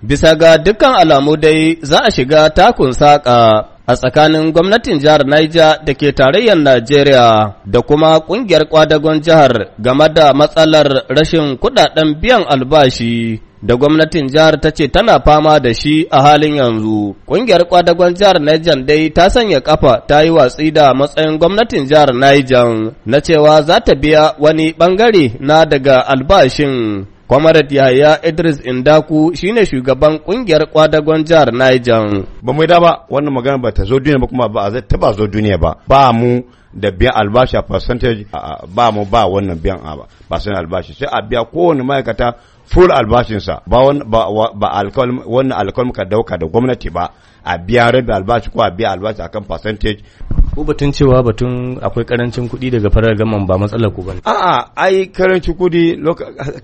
Bisa ga dukkan alamu dai za a shiga takun saƙa a tsakanin gwamnatin jihar Niger da ke tarayyar Najeriya da kuma ƙungiyar kwadagon jihar game da matsalar rashin kuɗaɗen biyan albashi da gwamnatin jihar ta ce tana fama da shi a halin yanzu. Ƙungiyar kwadagon jihar Niger dai ta sanya kafa ta yi watsi da matsayin gwamnatin jihar Niger na cewa za ta biya wani bangare na daga albashin. Comrade Yahaya Idris Indaku shine shugaban kungiyar kwadagon jihar Niger. Ba mu da ba wannan magana ba ta zo duniya ba kuma ba zai taba zo duniya ba. Ba mu da biyan albashi a percentage ba mu ba wannan biyan percentage albashi sai a biya kowane ma'aikata full albashinsa ba ba alkalm wannan alkalm ka dauka da gwamnati ba a biya rabi albashi ko a biya albashi akan percentage ko batun cewa batun akwai karancin kuɗi daga farar gaman ba matsalar ku bane a'a ai karancin kuɗi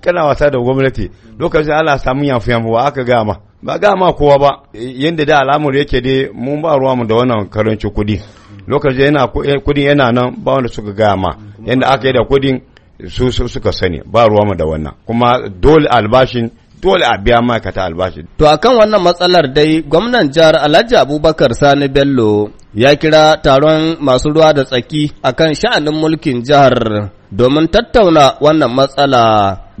kana wasa da gwamnati lokacin Allah samu yafu yafu ba aka gama ba gama kowa ba yanda da al'amur yake dai mun ba ruwa mu da wannan karancin kuɗi lokacin yana eh, kuɗi yana nan ba wanda suka gama yanda aka yi da kuɗin su suka sani ba ruwa mu da wannan kuma dole albashin dole a biya ma'aikata albashi. To akan wannan matsalar dai gwamnan jihar Alhaji Abubakar Sani Bello ya kira taron masu ruwa da tsaki a kan sha'anin mulkin jihar domin tattauna wannan matsala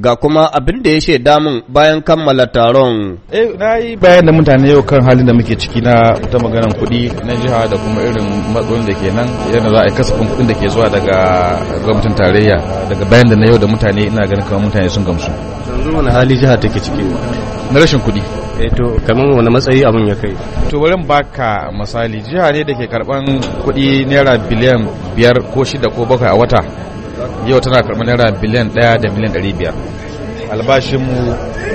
ga kuma abin da ya shaida min bayan kammala taron. Eh na yi bayan da mutane yau kan halin da muke ciki na ta maganan kuɗi na jiha da kuma irin matsalolin da ke nan yadda za a yi kasafin kuɗin da ke zuwa daga gwamnatin tarayya daga bayan da na yau da mutane ina ganin kamar mutane sun gamsu. yanzu wani hali jiha take ciki na rashin kuɗi eh to kamar wani matsayi abun ya kai to bari baka misali jiha ne da ke karban kuɗi naira biliyan biyar ko shida ko bakwai a wata yau tana karɓar naira biliyan ɗaya da miliyan ɗari biyar albashinmu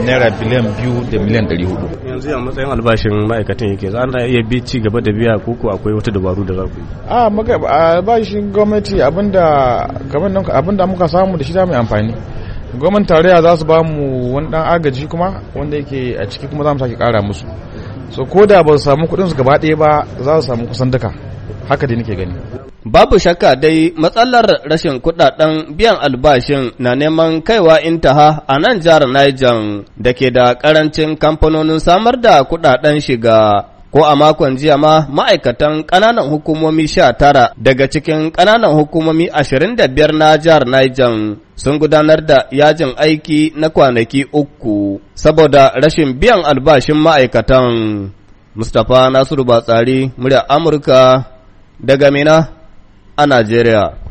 naira biliyan biyu da miliyan ɗari hudu yanzu a matsayin albashin ma'aikatan yake za a iya bi ci gaba da biya ko ko akwai wata dabaru da za ku yi a albashin gwamnati abinda abinda muka samu da shi za mu amfani gwamnan tarayya za su ba mu wani dan agaji kuma wanda yake a ciki kuma za mu sake kara musu so ko da ba su samu kuɗin su gaba ɗaya ba za su samu kusan duka haka dai nake gani babu shakka dai matsalar rashin kuɗaɗen biyan albashin na neman kaiwa intaha a nan jihar Niger da ke da karancin kamfanonin samar da kuɗaɗen shiga ko a makon jiya ma ma'aikatan ƙananan hukumomi sha tara daga cikin ƙananan hukumomi ashirin da biyar na jihar Niger sun gudanar da yajin aiki na kwanaki uku saboda rashin biyan albashin ma'aikatan. Mustapha Nasiru Batsari, murya Amurka daga Mina a Najeriya.